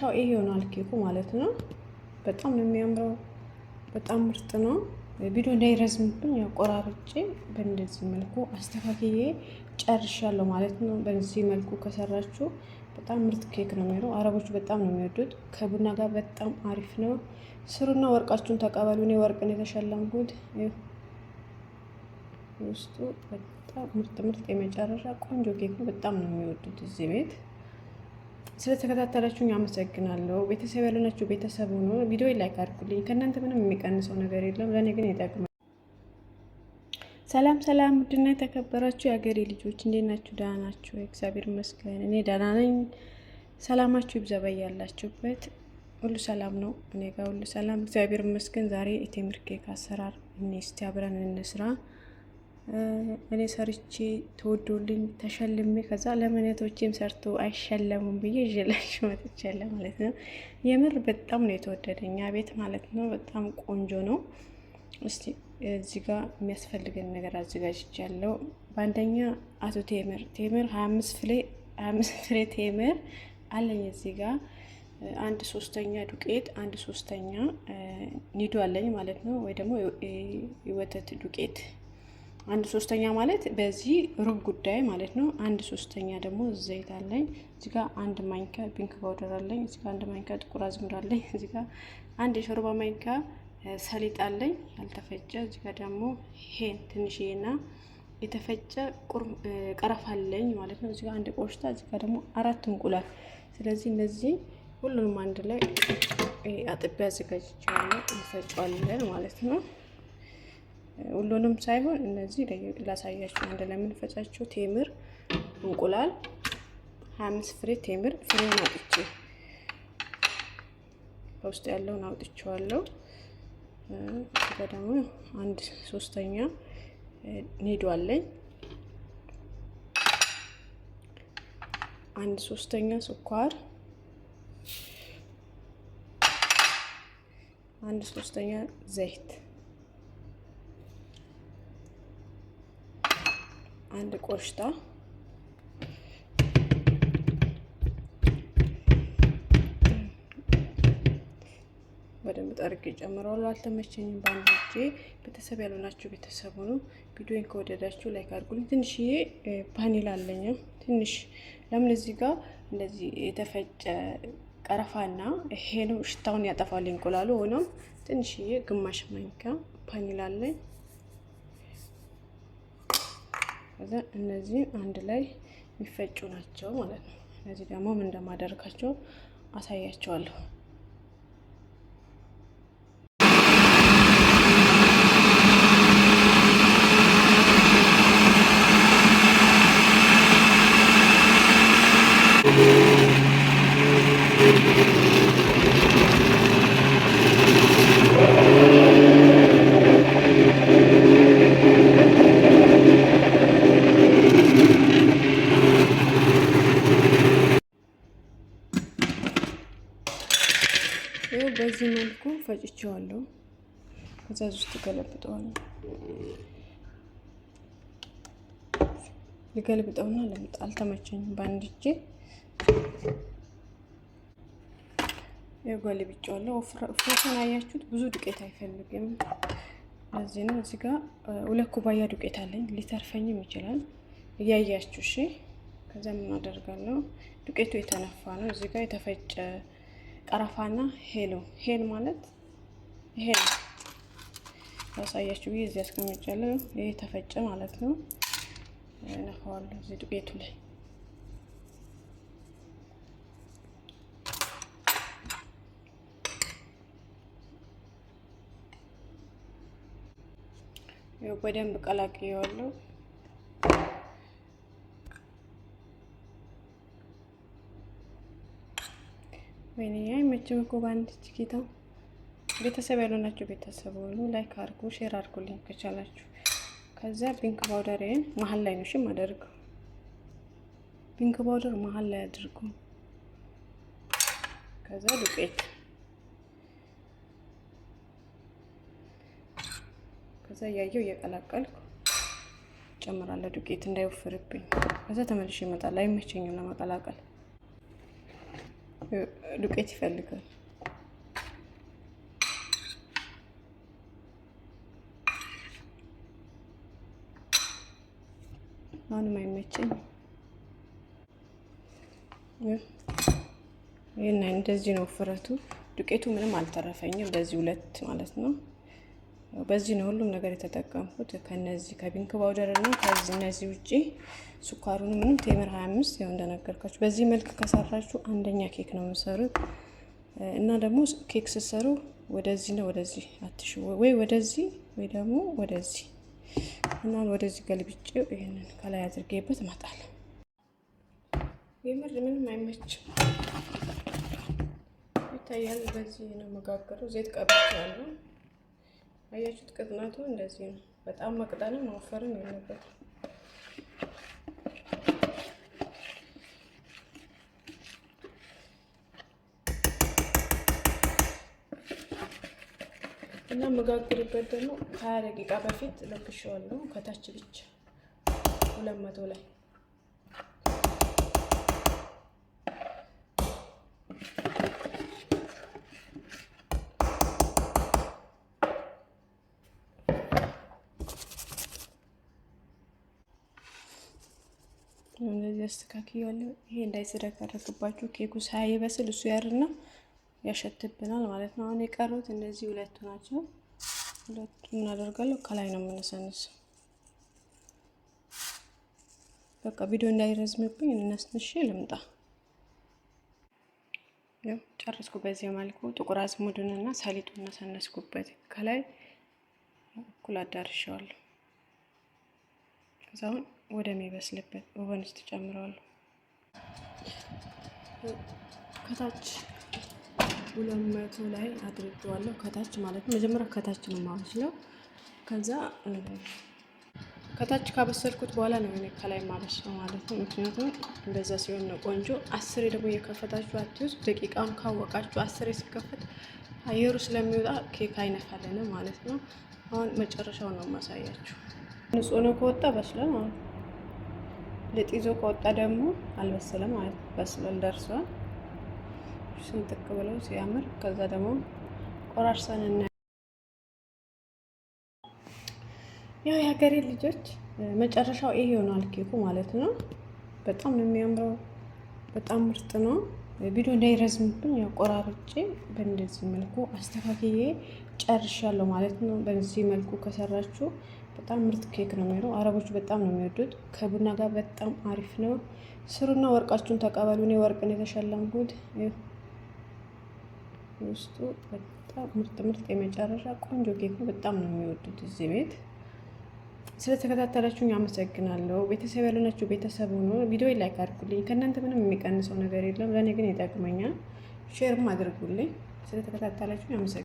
ቻው ይሄ ይሆናል ኬኩ ማለት ነው። በጣም ነው የሚያምረው። በጣም ምርጥ ነው። ቪዲዮ እንዳይረዝምብኝ ያው ቆራርጬ በእንደዚህ መልኩ አስተካክዬ ጨርሻለሁ ማለት ነው። በዚህ መልኩ ከሰራችሁ በጣም ምርጥ ኬክ ነው የሚሆነው። አረቦቹ በጣም ነው የሚወዱት። ከቡና ጋር በጣም አሪፍ ነው። ስሩና ወርቃችሁን ተቀበሉ። እኔ ወርቅ ነው የተሸለምኩት። ውስጡ በጣም ምርጥ ምርጥ የመጨረሻ ቆንጆ ኬክ ነው። በጣም ነው የሚወዱት እዚህ ቤት ስለተከታተላችሁኝ አመሰግናለሁ። ቤተሰብ ያልሆናችሁ ቤተሰብ ሆኖ ቪዲዮ ላይክ አድርጉልኝ። ከእናንተ ምንም የሚቀንሰው ነገር የለም፣ ለእኔ ግን ይጠቅማል። ሰላም ሰላም፣ ውድና የተከበራችሁ የአገሬ ልጆች እንዴት ናችሁ? ደህና ናችሁ? እግዚአብሔር ይመስገን እኔ ደህና ነኝ። ሰላማችሁ ይብዛ ባላችሁበት። ሁሉ ሰላም ነው፣ እኔ ጋር ሁሉ ሰላም፣ እግዚአብሔር ይመስገን። ዛሬ የቴምር ኬክ አሰራር እኔ እስቲ አብረን እንስራ እኔ ሰርቼ ተወዶልኝ ተሸልሜ ከዛ ለምነቶቼም ሰርቶ አይሸለሙም ብዬ ይዤላችሁ መጥቻለሁ ማለት ነው። የምር በጣም ነው የተወደደ እኛ ቤት ማለት ነው። በጣም ቆንጆ ነው። እስቲ እዚህ ጋር የሚያስፈልገን ነገር አዘጋጅቻለሁ። በአንደኛ አቶ ቴምር ቴምር ሀያ አምስት ፍሬ ሀያ አምስት ፍሬ ቴምር አለኝ እዚህ ጋር አንድ ሶስተኛ ዱቄት አንድ ሶስተኛ ኒዶ አለኝ ማለት ነው። ወይ ደግሞ የወተት ዱቄት አንድ ሶስተኛ ማለት በዚህ ሩብ ጉዳይ ማለት ነው። አንድ ሶስተኛ ደግሞ ዘይት አለኝ። እዚህ ጋር አንድ ማንኪያ ቢንክ ፓውደር አለኝ። እዚህ ጋር አንድ ማንኪያ ጥቁር አዝሙድ አለኝ። እዚህ ጋር አንድ የሾርባ ማንኪያ ሰሊጥ አለኝ ያልተፈጨ። እዚህ ጋር ደግሞ ሄን ትንሽዬና የተፈጨ ቀረፋ አለኝ ማለት ነው። እዚህ ጋር አንድ ቆሽታ፣ እዚህ ጋር ደግሞ አራት እንቁላል። ስለዚህ እነዚህ ሁሉንም አንድ ላይ አጥቤ አዘጋጅቼዋለሁ። እንፈጫዋለን ማለት ነው። ሁሉንም ሳይሆን እነዚህ ላሳያችሁ አንድ ለምንፈጫቸው ቴምር፣ እንቁላል ሀያ አምስት ፍሬ ቴምር ፍሬ አውጥቼ በውስጥ ያለውን አውጥቼዋለሁ። እዚጋ ደግሞ አንድ ሶስተኛ ኒዶ አለኝ። አንድ ሶስተኛ ስኳር፣ አንድ ሶስተኛ ዘይት አንድ ቆሽታ በደንብ ጠርጌ ጨምረዋለሁ። አልተመቸኝም በአንድ እጄ። ቤተሰብ ያልሆናችሁ ቤተሰብ ሆኑ። ቪዲዮን ከወደዳችሁ ላይክ አድርጉልኝ። ትንሽዬ ፓኒል አለኝም ትንሽ ለምን እዚህ ጋር እንደዚህ የተፈጨ ቀረፋና ሄኖ ሽታውን ያጠፋል እንቁላሉ። ሆኖም ትንሽዬ ግማሽ ማንኪያ ፓኒል አለኝ። ከዛ አንድ ላይ የሚፈጩ ናቸው ማለት ነው። እነዚህ ደግሞ ምን እንደማደርጋቸው አሳያቸዋለሁ። ከትቼዋለሁ። ከዛ ውስጥ ገለብጠዋለሁ ልገልብጠውና ልምጥ። አልተመቸኝም። በአንድ እጄ የጓልብጫዋለሁ። ወፍራቱን አያችሁት? ብዙ ዱቄት አይፈልግም። እዚህ ነው። እዚህ ጋር ሁለት ኩባያ ዱቄት አለኝ። ሊተርፈኝም ይችላል። እያያችሁ እሺ። ከዛ ምን አደርጋለሁ? ዱቄቱ የተነፋ ነው። እዚህ ጋር የተፈጨ ቀረፋና ሄል ነው። ሄል ማለት ይሄ ያሳያችሁ ብዬ እዚህ አስቀምጫለሁ። ይሄ ተፈጨ ማለት ነው። ነካዋለሁ እዚህ ቤቱ ላይ በደንብ ቀላቅየዋለሁ። ወይኔ አይመችም እኮ በአንድ ችኪታ ቤተሰብ ያልሆናችሁ ቤተሰብ ሆኑ። ላይክ አድርጉ፣ ሼር አድርጉልኝ ከቻላችሁ። ከዛ ፒንክ ፓውደርን መሀል ላይ ነው ሽም አደርገው። ፒንክ ፓውደር መሀል ላይ አድርጉ። ከዛ ዱቄት ከዛ እያየው እየቀላቀልኩ ጨምራለሁ። ዱቄት እንዳይወፍርብኝ። ከዛ ተመልሼ ይመጣል። አይመቸኝም ለመቀላቀል ዱቄት ይፈልጋል። አሁንም አይመቸኝ። ይህና እንደዚህ ነው ፍረቱ። ዱቄቱ ምንም አልተረፈኝም። በዚህ ሁለት ማለት ነው። በዚህ ነው ሁሉም ነገር የተጠቀምኩት ከነዚህ ከቢንክ ባውደር እና ከዚህ እነዚህ ውጪ ስኳሩን ምንም ቴምር 25 ያው እንደነገርኳችሁ በዚህ መልክ ከሰራችሁ አንደኛ ኬክ ነው የምሰሩት እና ደግሞ ኬክ ስትሰሩ ወደዚህ ነው ወደዚህ አትሽ ወይ ወደዚህ ወይ ደግሞ ወደዚህ እና ወደዚህ ገልብጬው ይህንን ከላይ አድርጌበት መጣል የምር ምንም አይመችም ይታያል። በዚህ ነው መጋገረው። ዘይት ቀብቻለሁ። አያችሁት? ቅጥነቱ እንደዚህ ነው። በጣም መቅጠንም መወፈርም የለበትም። እና መጋገሪበት ደግሞ ሀያ ደቂቃ በፊት ለክሸዋለሁ። ከታች ብቻ ሁለት መቶ ላይ እንደዚህ አስተካክያለሁ። ይሄ እንዳይዘረከረክባችሁ ኬኩ ሳይበስል እሱ ያርና ያሸትብናል ማለት ነው። አሁን የቀሩት እነዚህ ሁለቱ ናቸው። ሁለቱ ምን አደርጋለሁ ከላይ ነው የምንሰንስ። በቃ ቪዲዮ እንዳይረዝምብኝ እናስንሽ ልምጣ። ጨረስኩ። በዚህ መልኩ ጥቁር አዝሙድን እና ሰሊጡን እነሰነስኩበት ከላይ እኩል አዳርሻዋለሁ። ከዛ አሁን ወደሚበስልበት ኦቨን ውስጥ ጨምረዋለሁ ከታች ሁለት መቶ ላይ አድርጌዋለሁ ከታች ማለት ነው። መጀመሪያ ከታች ነው የማበስለው። ከዛ ከታች ካበሰልኩት በኋላ ነው እኔ ከላይ ማበስለው ማለት ነው። ምክንያቱም እንደዛ ሲሆን ነው ቆንጆ። አስሬ ደግሞ እየከፈታችሁ አትዩት። ደቂቃም ካወቃችሁ አስሬ ሲከፈት አየሩ ስለሚወጣ ኬክ አይነፋለን ማለት ነው። አሁን መጨረሻው ነው የማሳያችሁ። ንጹህ ነው ከወጣ በስሏል ማለት ነው። ልጥ ይዞ ከወጣ ደግሞ አልበሰለም ማለት ነው። በስሏል ደርሷል። ስንጥቅ ብለው ሲያምር ከዛ ደግሞ ቆራርሰን እና ያው የሀገሬ ልጆች መጨረሻው ይሄ ይሆናል ኬኩ ማለት ነው። በጣም ነው የሚያምረው። በጣም ምርጥ ነው። ቪዲዮ እንዳይረዝምብኝ ያው ቆራርጬ በእንደዚህ መልኩ አስተካክዬ ጨርሻለሁ ማለት ነው። በዚህ መልኩ ከሰራችሁ በጣም ምርጥ ኬክ ነው የሚሆነው። አረቦች በጣም ነው የሚወዱት። ከቡና ጋር በጣም አሪፍ ነው። ስሩና ወርቃችሁን ተቀበሉ። እኔ ወርቅ ነው የተሸለምኩት። ውስጡ በጣም ምርጥ ምርጥ የመጨረሻ ቆንጆ ኬክ ነው። በጣም ነው የሚወዱት እዚህ ቤት። ስለተከታተላችሁኝ አመሰግናለሁ። ቤተሰብ ያልሆናችሁ ቤተሰብ ሆኖ ቪዲዮ ላይክ አድርጉልኝ። ከእናንተ ምንም የሚቀንሰው ነገር የለም። ለእኔ ግን ይጠቅመኛል። ሼርም አድርጉልኝ። ስለተከታተላችሁኝ አመሰግናለሁ።